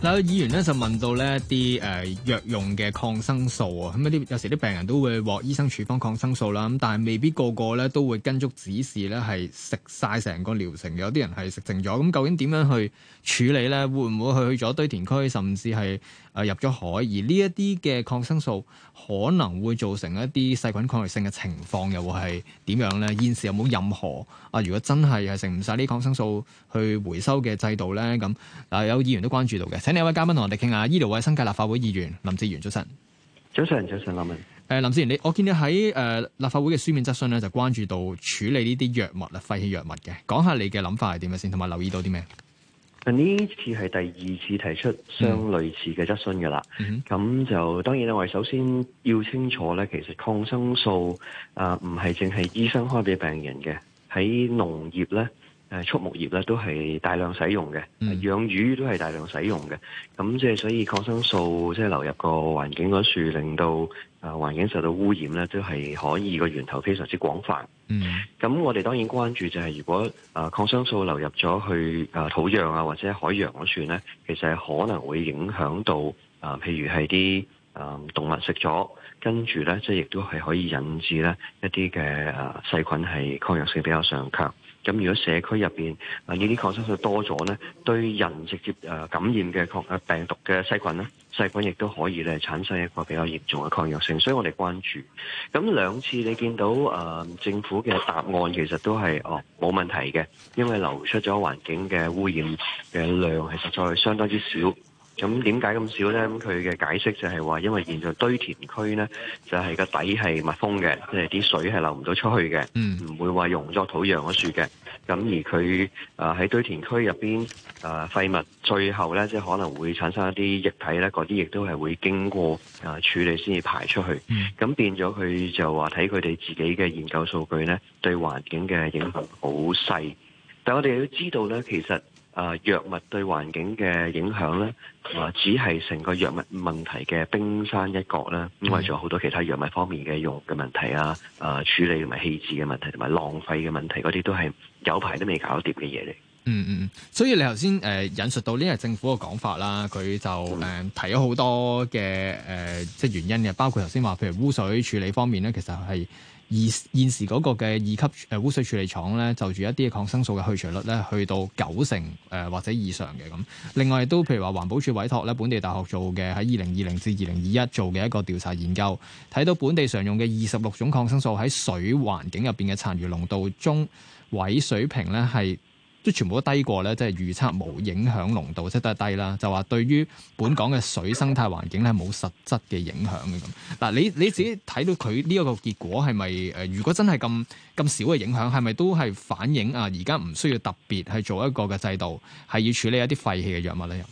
嗱，議員咧就問到咧一啲誒、呃、藥用嘅抗生素啊，咁、嗯、啲有時啲病人都會獲醫生處方抗生素啦，咁但係未必個個咧都會跟足指示咧，係食晒成個療程，有啲人係食剩咗，咁、嗯、究竟點樣去處理咧？會唔會去咗堆填區，甚至係誒、呃、入咗海？而呢一啲嘅抗生素可能會造成一啲細菌抗藥性嘅情況，又會係點樣咧？現時有冇任何啊？如果真係係食唔晒啲抗生素去回收嘅制度咧，咁嗱、呃，有議員都關注到嘅。請兩位嘉賓同我哋傾下，醫療衞生界立法會議員林哲玄早晨。早晨，早晨，林文。誒，林哲玄，你我見到喺誒立法會嘅書面質詢咧，就關注到處理呢啲藥物啦，廢棄藥物嘅，講下你嘅諗法係點樣先，同埋留意到啲咩？呢次係第二次提出相類似嘅質詢噶啦，咁、嗯、就當然啦，我哋首先要清楚咧，其實抗生素誒唔係淨係醫生開俾病人嘅，喺農業咧。畜牧業咧都係大量使用嘅，養、嗯、魚都係大量使用嘅，咁即係所以抗生素即係流入個環境嗰處，令到誒、呃、環境受到污染咧，都係可以個源頭非常之廣泛。嗯，咁我哋當然關注就係如果誒、呃、抗生素流入咗去誒、呃、土壤啊或者海洋嗰處咧，其實係可能會影響到誒、呃、譬如係啲誒動物食咗，跟住咧即係亦都係可以引致咧一啲嘅誒細菌係抗藥性比較上強。咁如果社區入邊啊呢啲抗生素多咗呢，對人直接誒、呃、感染嘅抗病毒嘅細菌呢，細菌亦都可以咧產生一個比較嚴重嘅抗藥性，所以我哋關注。咁兩次你見到誒、呃、政府嘅答案其實都係哦冇問題嘅，因為流出咗環境嘅污染嘅量係實在相當之少。咁點解咁少咧？咁佢嘅解釋就係話，因為現在堆填區咧，就係、是、個底係密封嘅，即係啲水係流唔到出去嘅，唔、嗯、會話溶咗土壤嗰樹嘅。咁而佢啊喺堆填區入邊啊廢物最後咧，即係可能會產生一啲液體咧，嗰啲亦都係會經過啊、呃、處理先至排出去。咁、嗯、變咗佢就話睇佢哋自己嘅研究數據咧，對環境嘅影響好細。但我哋都知道咧，其實。啊，藥物對環境嘅影響咧，啊，只係成個藥物問題嘅冰山一角啦，因為仲有好多其他藥物方面嘅用嘅問題啊，啊，處理同埋棄置嘅問題，同埋浪費嘅問題，嗰啲都係有排都未搞掂嘅嘢嚟。嗯嗯，所以你頭先誒引述到呢個政府嘅講法啦，佢就誒的、嗯、提咗好多嘅誒、呃、即係原因嘅，包括頭先話，譬如污水處理方面咧，其實係。而現時嗰個嘅二級誒污水處理廠咧，就住一啲抗生素嘅去除率咧，去到九成誒、呃、或者以上嘅咁。另外都譬如話，環保署委託咧本地大學做嘅喺二零二零至二零二一做嘅一個調查研究，睇到本地常用嘅二十六種抗生素喺水環境入邊嘅殘餘濃度中位水平咧係。即全部都低過咧，即係預測冇影響濃度，即都係低啦。就話對於本港嘅水生態環境咧，冇實質嘅影響嘅咁。嗱，你你自己睇到佢呢一個結果係咪？誒、呃？如果真係咁咁少嘅影響，係咪都係反映啊？而家唔需要特別去做一個嘅制度，係要處理一啲廢棄嘅藥物咧？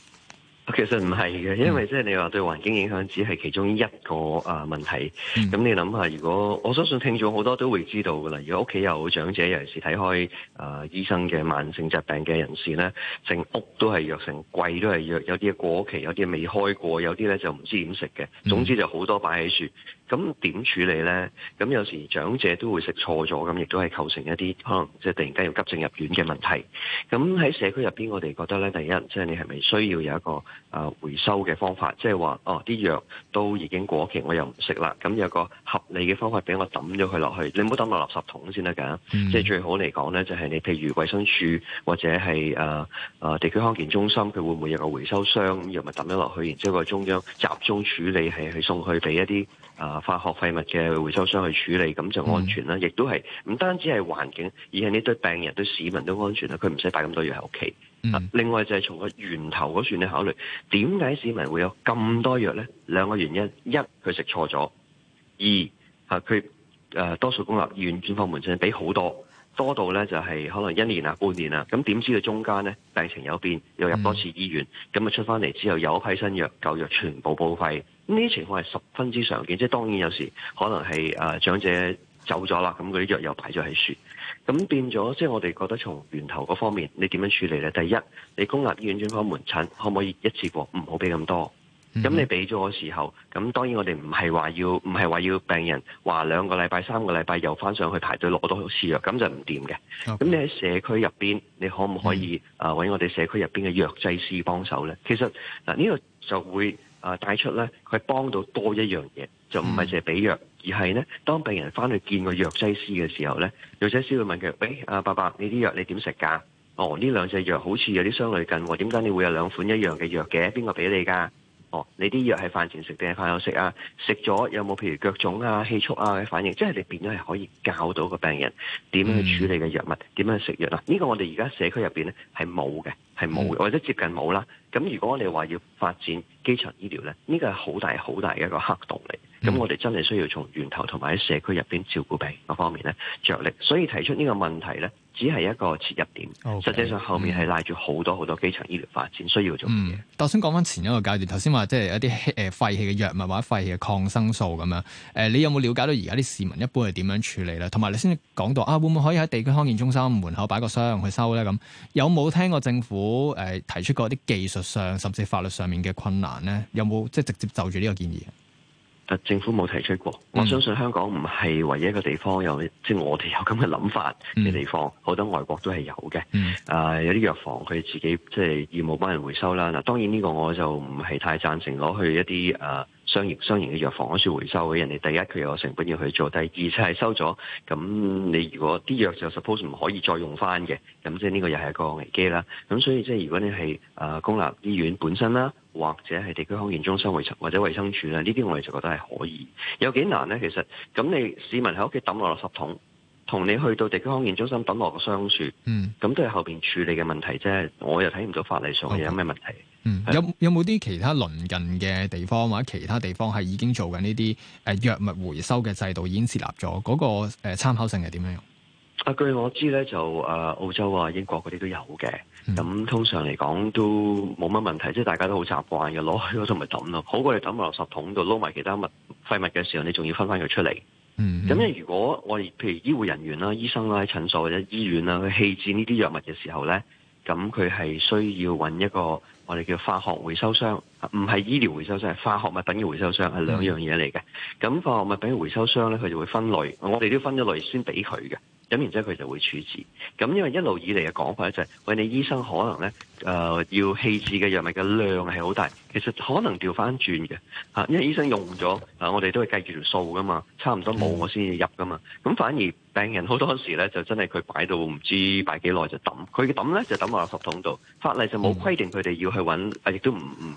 其實唔係嘅，因為即係你話對環境影響只係其中一個啊問題。咁、嗯、你諗下，如果我相信聽眾好多都會知道㗎啦。如果屋企有長者，尤其是睇開啊、呃、醫生嘅慢性疾病嘅人士咧，成屋都係藥，成櫃都係藥，有啲過期，有啲未開過，有啲咧就唔知點食嘅。總之就好多擺喺處。咁點處理咧？咁有時長者都會食錯咗，咁亦都係構成一啲可能即係突然間要急症入院嘅問題。咁喺社區入邊，我哋覺得咧，第一即係、就是、你係咪需要有一個。啊，回收嘅方法，即係話，哦，啲藥都已經過期，我又唔食啦。咁有個合理嘅方法俾我抌咗佢落去，嗯、你唔好抌落垃圾桶先得噶。嗯、即係最好嚟講咧，就係、是、你，譬如衛生署或者係誒誒地區康健中心，佢會唔會有個回收箱，又咪抌咗落去，然之後個中央集中處理，係去送去俾一啲啊、呃、化學廢物嘅回收箱去處理，咁就安全啦。亦、嗯、都係唔單止係環境，而係呢堆病人，對市民都安全啦。佢唔使擺咁多藥喺屋企。嗯、另外就係從個源頭嗰處咧考慮，點解市民會有咁多藥呢？兩個原因：一佢食錯咗；二嚇佢誒多數公立醫院專科門診俾好多。多到呢就係、是、可能一年啊半年啊，咁點知佢中間呢，病情有變，又入多次醫院，咁啊出翻嚟之後有一批新藥舊藥，全部報廢，呢啲情況係十分之常見。即係當然有時可能係誒、呃、長者。走咗啦，咁嗰啲藥又擺咗喺船，咁變咗即係我哋覺得從源頭嗰方面，你點樣處理咧？第一，你公立醫院專科門診可唔可以一次過唔好俾咁多？咁、嗯、你俾咗嘅時候，咁當然我哋唔係話要，唔係話要病人話兩個禮拜、三個禮拜又返上去排隊攞到次藥，咁就唔掂嘅。咁 Okay. 你喺社區入邊，你可唔可以、嗯、啊揾我哋社區入邊嘅藥劑師幫手咧？其實嗱，呢、啊呢個就會啊帶出咧，佢、啊、幫到多一樣嘢，就唔係凈係俾藥。嗯而係咧，當病人翻去見個藥劑師嘅時候咧，藥劑師會問佢：喂、哎，阿伯伯，你啲藥你點食㗎？哦，呢兩隻藥好似有啲相類近喎，點、哦、解你會有兩款一樣嘅藥嘅？邊個俾你㗎？哦，你啲藥係飯前食定係飯後食啊？食咗有冇譬如腳腫啊、氣促啊嘅反應？即係你變咗係可以教到個病人點樣去處理嘅藥物，點樣去食藥啦？呢、這個我哋而家社區入邊咧係冇嘅，係冇嘅，嗯、或者接近冇啦。咁如果我哋話要發展基層醫療咧，呢、這個係好大好大嘅一個黑洞嚟。咁我哋真係需要從源頭同埋喺社區入邊照顧病嗰方面咧著力，所以提出呢個問題咧，只係一個切入點。Okay, 實際上後面係賴住好多好多基層醫療發展需要做嘅嘢、嗯。頭先講翻前一個階段，頭先話即係一啲誒、呃、廢棄嘅藥物或者廢棄嘅抗生素咁樣。誒、呃，你有冇了解到而家啲市民一般係點樣處理咧？同埋你先講到啊，會唔會可以喺地區康健中心門口擺個箱去收咧？咁有冇聽過政府誒、呃、提出過啲技術上甚至法律上面嘅困難咧？有冇即係直接就住呢個建議？政府冇提出過，我相信香港唔係唯一一個地方有，即係我哋有咁嘅諗法嘅地方，好多外國都係有嘅。誒、呃，有啲藥房佢自己即係義務幫人回收啦。嗱，當然呢個我就唔係太贊成攞去一啲誒、呃商業商業嘅藥房開始回收嘅，人哋，第一佢有成本要去做，第二就係收咗，咁你如果啲藥就 suppose 唔可以再用翻嘅，咁即係呢個又係一個危機啦。咁所以即係如果你係誒公立醫院本身啦，或者係地區康健中心或或者衛生署啦，呢啲我哋就覺得係可以。有幾難咧？其實咁你市民喺屋企抌落垃圾桶。同你去到地區康健中心等落個箱處，嗯，咁都係後邊處理嘅問題啫。我又睇唔到法例上係有咩問題。嗯，有有冇啲其他鄰近嘅地方或者其他地方係已經做緊呢啲誒藥物回收嘅制度已經設立咗？嗰、那個誒、呃、參考性係點樣樣？啊據我知咧，就誒、呃、澳洲啊、英國嗰啲都有嘅。咁、嗯嗯、通常嚟講都冇乜問題，即係大家都好習慣嘅攞去嗰度咪抌咯。好過你抌落垃圾桶度撈埋其他物廢物嘅時候，你仲要分翻佢出嚟。咁咧，嗯嗯如果我哋譬如醫護人員啦、醫生啦、喺診所或者醫院啦，佢棄置呢啲藥物嘅時候咧，咁佢係需要揾一個我哋叫化學回收箱。唔係醫療回收箱，係化學物品嘅回收箱，係兩樣嘢嚟嘅。咁化學物品嘅回收箱咧，佢就會分類，我哋都要分咗類先俾佢嘅。咁然之後佢就會處置。咁因為一路以嚟嘅講法咧就係、是，喂，你醫生可能咧誒、呃、要棄置嘅藥物嘅量係好大，其實可能調翻轉嘅嚇，因為醫生用咗啊、呃，我哋都係計住條數噶嘛，差唔多冇我先至入噶嘛。咁反而病人好多時咧就真係佢擺到唔知擺幾耐就抌，佢嘅抌咧就抌落垃圾桶度。法例就冇規定佢哋要去揾，啊亦都唔唔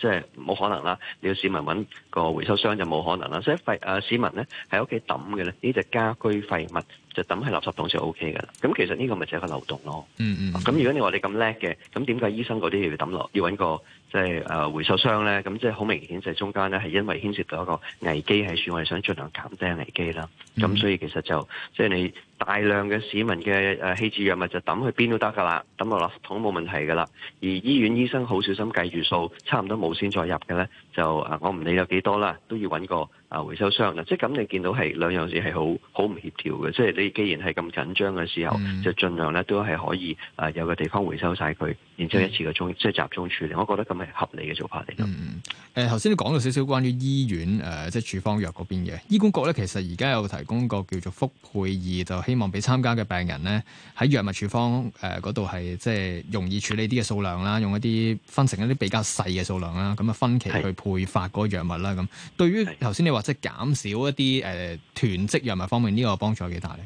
即係冇可能啦。你要市民揾個回收箱就冇可能啦。所以廢啊、呃、市民咧喺屋企抌嘅咧，呢隻家，家居廢物。就抌喺垃圾桶就 O K 嘅啦。咁其實呢個咪就係一個漏洞咯。嗯嗯、mm。咁、hmm. 如果你話你咁叻嘅，咁點解醫生嗰啲又要抌落，要揾個即係誒回收箱咧？咁即係好明顯就係中間咧，係因為牽涉到一個危機係算，我哋想盡量減低危機啦。咁、mm hmm. 所以其實就即係你大量嘅市民嘅誒棄置藥物就抌去邊都得噶啦，抌落垃圾桶冇問題噶啦。而醫院醫生好小心計住數，差唔多冇先再入嘅咧，就誒、啊、我唔理有幾多啦，都要揾個。啊，回收箱，嗱，即係咁你見到係兩樣事係好好唔協調嘅，即係你既然係咁緊張嘅時候，嗯、就儘量咧都係可以啊、呃，有個地方回收晒佢。嗯、然之後一次嘅中，即係集中處理，我覺得咁係合理嘅做法嚟。嗯嗯，誒頭先你講到少少關於醫院誒、呃、即係處方藥嗰邊嘅醫管局咧，其實而家有提供個叫做覆配易，就希望俾參加嘅病人咧喺藥物處方誒嗰度係即係容易處理啲嘅數量啦，用一啲分成一啲比較細嘅數量啦，咁啊分期去配發嗰個藥物啦。咁的對於頭先你話即係減少一啲誒、呃、囤積藥物方面、這個、幫呢個幫助有幾大咧？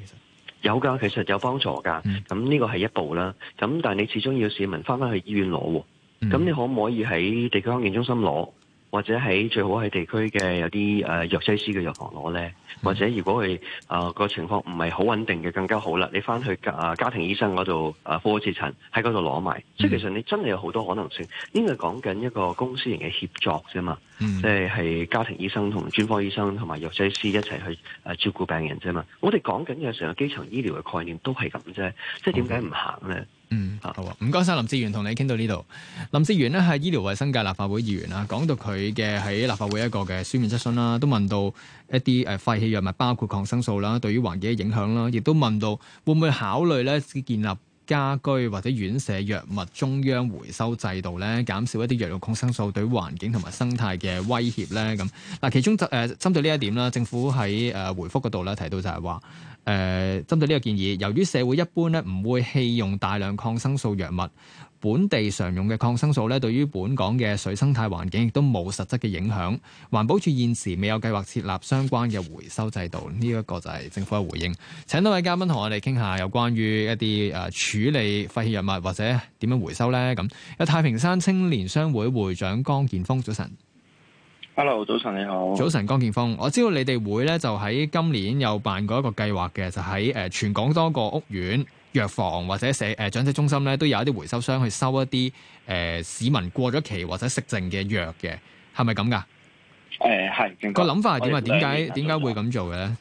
有噶，其實有幫助噶。咁呢個係一步啦。咁但係你始終要市民翻返去醫院攞喎。咁、嗯、你可唔可以喺地區康健中心攞？或者喺最好喺地區嘅有啲誒、呃、藥劑師嘅藥房攞咧，或者如果佢啊個情況唔係好穩定嘅更加好啦，你翻去家、呃、家庭醫生嗰度啊複核次診喺嗰度攞埋，呃嗯、即係其實你真係有好多可能性。應該講緊一個公司型嘅協作啫嘛，即係係家庭醫生同專科醫生同埋藥劑師一齊去誒照顧病人啫嘛。我哋講緊嘅成個基層醫療嘅概念都係咁啫，即係點解唔行咧？嗯。嗯，好啊，唔該晒林哲玄，同你傾到呢度。林哲玄咧，係醫療衛生界立法會議員啦，講到佢嘅喺立法會一個嘅書面質詢啦，都問到一啲誒廢棄藥物包括抗生素啦，對於環境嘅影響啦，亦都問到會唔會考慮咧建立家居或者院舍藥物中央回收制度咧，減少一啲藥物抗生素對環境同埋生態嘅威脅咧。咁嗱，其中就誒、呃、針對呢一點啦，政府喺誒回覆嗰度咧提到就係話誒，針對呢個建議，由於社會一般咧唔會棄用大量抗生素藥物。本地常用嘅抗生素咧，對於本港嘅水生態環境亦都冇實質嘅影響，環保署現時未有計劃設立相關嘅回收制度，呢一個就係政府嘅回應，請多位嘉賓同我哋傾下，有關於一啲誒處理廢棄藥物或者點樣回收咧。咁有太平山青年商會會長江健鋒，早晨。Hello，早晨你好。早晨，江健鋒，我知道你哋會咧就喺今年有辦過一個計劃嘅，就喺誒全港多個屋苑。藥房或者社誒長者中心咧，都有一啲回收商去收一啲誒、呃、市民過咗期或者食剩嘅藥嘅，係咪咁噶？誒係、呃、個諗法係點啊？點解點解會咁做嘅咧？誒、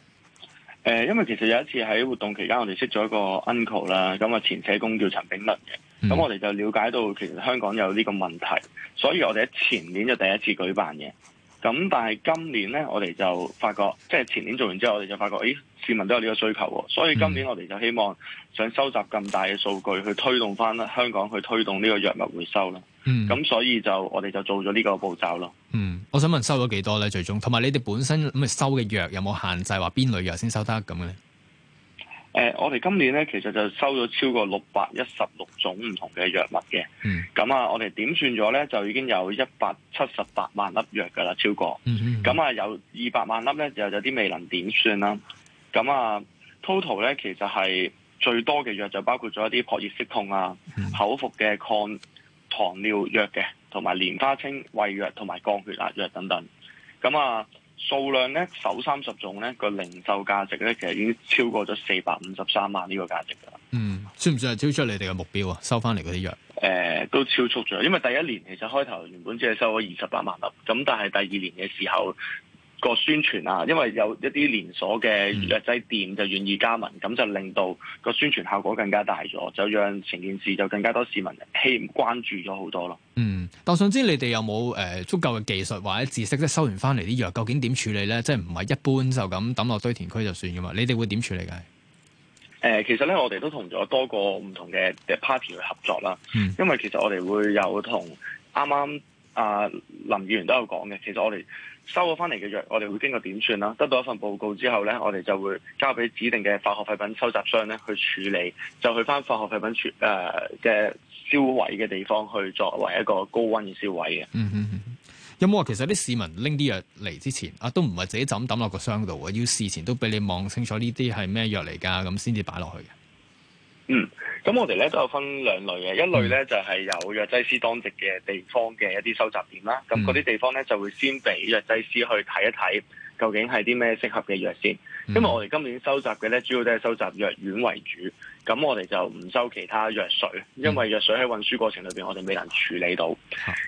呃，因為其實有一次喺活動期間，我哋識咗一個 uncle 啦，咁啊前社工叫陳炳德嘅，咁、嗯、我哋就了解到其實香港有呢個問題，所以我哋喺前年就第一次舉辦嘅。咁但係今年咧，我哋就發覺，即係前年做完之後，我哋就發覺，咦、哎，市民都有呢個需求喎，所以今年我哋就希望想收集咁大嘅數據，去推動返啦香港，去推動呢個藥物回收啦。嗯，咁所以就我哋就做咗呢個步驟咯。嗯，我想問收咗幾多咧？最終，同埋你哋本身咁收嘅藥有冇限制，話邊類藥先收得咁嘅？誒、呃，我哋今年咧，其實就收咗超過六百一十六種唔同嘅藥物嘅。嗯。咁啊，我哋點算咗咧，就已經有一百七十八萬粒藥㗎啦，超過。嗯咁、嗯、啊，有二百萬粒咧，又有啲未能點算啦。咁啊，total 咧，其實係最多嘅藥就包括咗一啲撲熱息痛啊、嗯、口服嘅抗糖尿病藥嘅，同埋蓮花清胃藥同埋降血壓藥等等。咁啊。數量咧，首三十種咧，個零售價值咧，其實已經超過咗四百五十三萬呢個價值噶啦。嗯，算唔算係超出你哋嘅目標啊？收翻嚟嗰啲藥？誒、呃，都超速咗，因為第一年其實開頭原本只係收咗二十八萬粒，咁但係第二年嘅時候。個宣傳啊，因為有一啲連鎖嘅藥劑店就願意加盟，咁、嗯、就令到個宣傳效果更加大咗，就讓成件事就更加多市民起關注咗好多咯。嗯，但我想知你哋有冇誒、呃、足夠嘅技術或者知識即收完翻嚟啲藥，究竟點處理咧？即係唔係一般就咁抌落堆填區就算嘅嘛？你哋會點處理嘅？誒、呃，其實咧，我哋都同咗多個唔同嘅嘅 party 去合作啦。嗯、因為其實我哋會有同啱啱。啊，林議員都有講嘅。其實我哋收咗翻嚟嘅藥，我哋會經過點算啦，得到一份報告之後咧，我哋就會交俾指定嘅化學廢品收集商咧去處理，就去翻化學廢品處誒嘅燒毀嘅地方去作為一個高溫嘅燒毀嘅、嗯。嗯嗯，有冇話其實啲市民拎啲藥嚟之前，啊，都唔係自己就咁抌落個箱度嘅、啊，要事前都俾你望清楚呢啲係咩藥嚟㗎，咁先至擺落去嘅。咁我哋咧都有分兩類嘅，一類咧就係有藥劑師當值嘅地方嘅一啲收集點啦。咁嗰啲地方咧就會先俾藥劑師去睇一睇，究竟係啲咩適合嘅藥先。因為我哋今年收集嘅咧主要都係收集藥丸為主，咁我哋就唔收其他藥水，因為藥水喺運輸過程裏邊我哋未能處理到。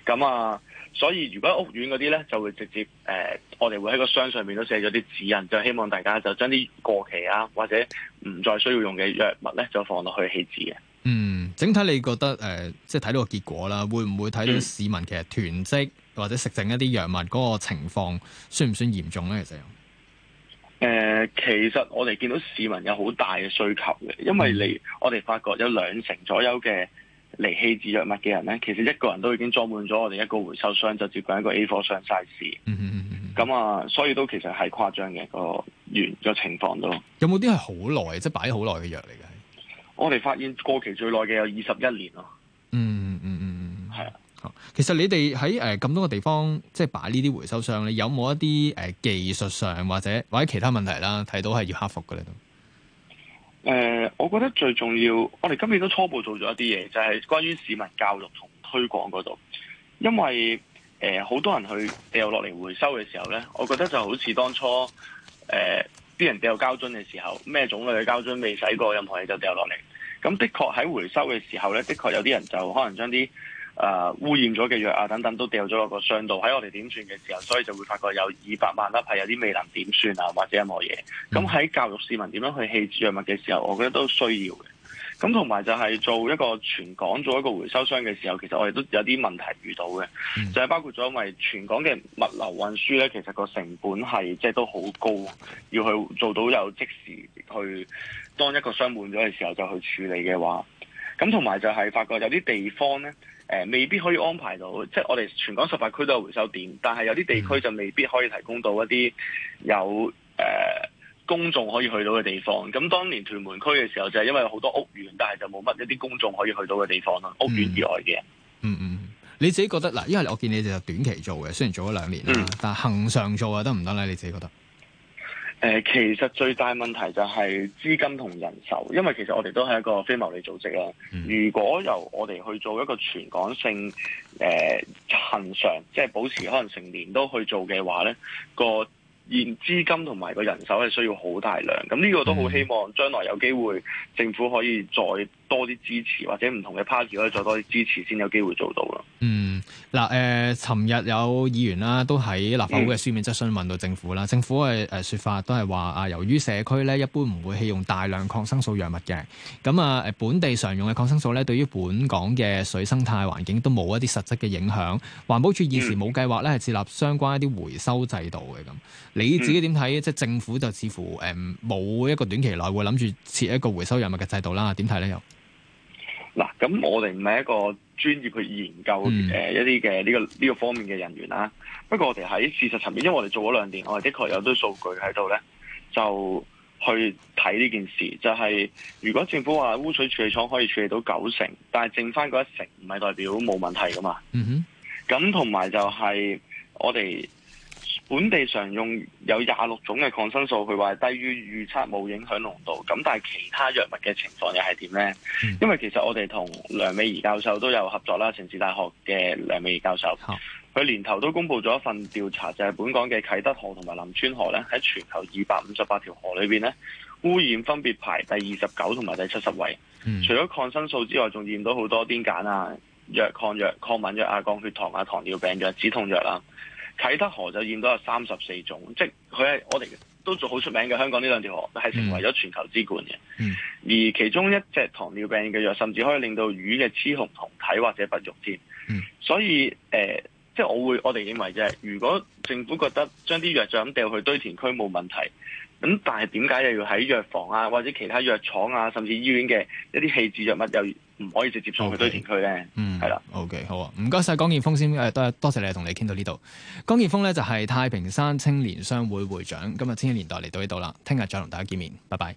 咁啊～所以如果屋苑嗰啲咧，就會直接誒、呃，我哋會喺個箱上面都寫咗啲指引，就希望大家就將啲過期啊或者唔再需要用嘅藥物咧，就放落去棄置嘅。嗯，整體你覺得誒、呃、即係睇到個結果啦，會唔會睇到市民其實囤積或者食剩一啲藥物嗰個情況算唔算嚴重咧、呃？其實誒其實我哋見到市民有好大嘅需求嘅，因為你、嗯、我哋發覺有兩成左右嘅。嚟棄置藥物嘅人咧，其實一個人都已經裝滿咗我哋一個回收箱，就接近一個 A 貨箱 size。咁、嗯嗯嗯、啊，所以都其實係誇張嘅一個原個情況咯。有冇啲係好耐，即係擺好耐嘅藥嚟嘅？我哋發現過期最耐嘅有二十一年咯、嗯。嗯嗯嗯嗯，係、嗯、啊。是其實你哋喺誒咁多個地方，即係擺呢啲回收箱咧，你有冇一啲誒、呃、技術上或者或者其他問題啦？睇到係要克服嘅咧都。誒、呃，我覺得最重要，我哋今年都初步做咗一啲嘢，就係關於市民教育同推廣嗰度，因為誒，好多人去掉落嚟回收嘅時候呢，我覺得就好似當初誒，啲人掉膠樽嘅時候，咩種類嘅膠樽未洗過任何嘢就掉落嚟，咁的確喺回收嘅時候呢，的確有啲人就可能將啲。誒、呃、污染咗嘅藥啊，等等都掉咗落個箱度，喺我哋點算嘅時候，所以就會發覺有二百萬粒係有啲未能點算啊，或者任何嘢。咁喺教育市民點樣去棄置藥物嘅時候，我覺得都需要嘅。咁同埋就係做一個全港做一個回收箱嘅時候，其實我哋都有啲問題遇到嘅，就係、是、包括咗因為全港嘅物流運輸咧，其實個成本係即係都好高，要去做到有即時去當一個箱滿咗嘅時候就去處理嘅話。咁同埋就係發覺有啲地方咧，誒、呃、未必可以安排到，即係我哋全港十八區都有回收點，但係有啲地區就未必可以提供到一啲有誒、呃、公眾可以去到嘅地方。咁當年屯門區嘅時候就係因為好多屋苑，但係就冇乜一啲公眾可以去到嘅地方咯，嗯、屋苑以外嘅。嗯嗯，你自己覺得嗱？因為我見你哋就短期做嘅，雖然做咗兩年、嗯、但係恆常做啊得唔得咧？你自己覺得？誒，其實最大問題就係資金同人手，因為其實我哋都係一個非牟利組織啦。如果由我哋去做一個全港性誒恆常，即係保持可能成年都去做嘅話咧，嗰個現資金同埋個人手係需要好大量。咁呢個都好希望將來有機會政府可以再多啲支持，或者唔同嘅 party 可以再多啲支持，先有機會做到咯。嗯，嗱、呃，誒，尋日有議員啦、啊，都喺立法會嘅書面質詢問到政府啦。嗯、政府嘅誒説法都係話啊，由於社區咧一般唔會棄用大量抗生素藥物嘅，咁啊誒本地常用嘅抗生素咧，對於本港嘅水生態環境都冇一啲實質嘅影響。環保署現時冇計劃咧，係、嗯、設立相關一啲回收制度嘅咁。你自己點睇？嗯、即係政府就似乎誒冇一個短期內會諗住設一個回收藥物嘅制度啦。點睇咧又？嗱，咁我哋唔係一個專業去研究誒、呃、一啲嘅呢個呢、這個方面嘅人員啦。不過我哋喺事實層面，因為我哋做咗兩年，我哋的確有堆數據喺度咧，就去睇呢件事。就係、是、如果政府話污水處理廠可以處理到九成，但係剩翻嗰一成唔係代表冇問題㗎嘛。嗯哼。咁同埋就係我哋。本地常用有廿六種嘅抗生素，佢話低於預測冇影響濃度。咁但係其他藥物嘅情況又係點呢？嗯、因為其實我哋同梁美儀教授都有合作啦，城市大學嘅梁美儀教授。佢好年頭都公布咗一份調查，就係、是、本港嘅啟德河同埋林村河咧，喺全球二百五十八條河裏邊咧，污染分別排第二十九同埋第七十位。嗯、除咗抗生素之外，仲驗到好多癲癇啊，藥抗藥抗敏藥啊，降血糖啊，糖尿病藥、止痛藥啊。啟德河就驗到有三十四種，即係佢係我哋都做好出名嘅香港呢兩條河，係成為咗全球之冠嘅。嗯嗯、而其中一隻糖尿病嘅藥，甚至可以令到魚嘅雌雄同體或者不育添。嗯、所以誒、呃，即係我會我哋認為啫、就係，如果政府覺得將啲藥就咁掉去堆填區冇問題，咁但係點解又要喺藥房啊或者其他藥廠啊甚至醫院嘅一啲棄置藥物又？唔可以直接送去 Okay. 堆填區咧，嗯，係啦的，OK，好啊，唔該晒。江健鋒先，誒、呃，多多謝你同你哋傾到呢度。江健鋒咧就係、是、太平山青年商會會長，今日《千禧年代》嚟到呢度啦，聽日再同大家見面，拜拜。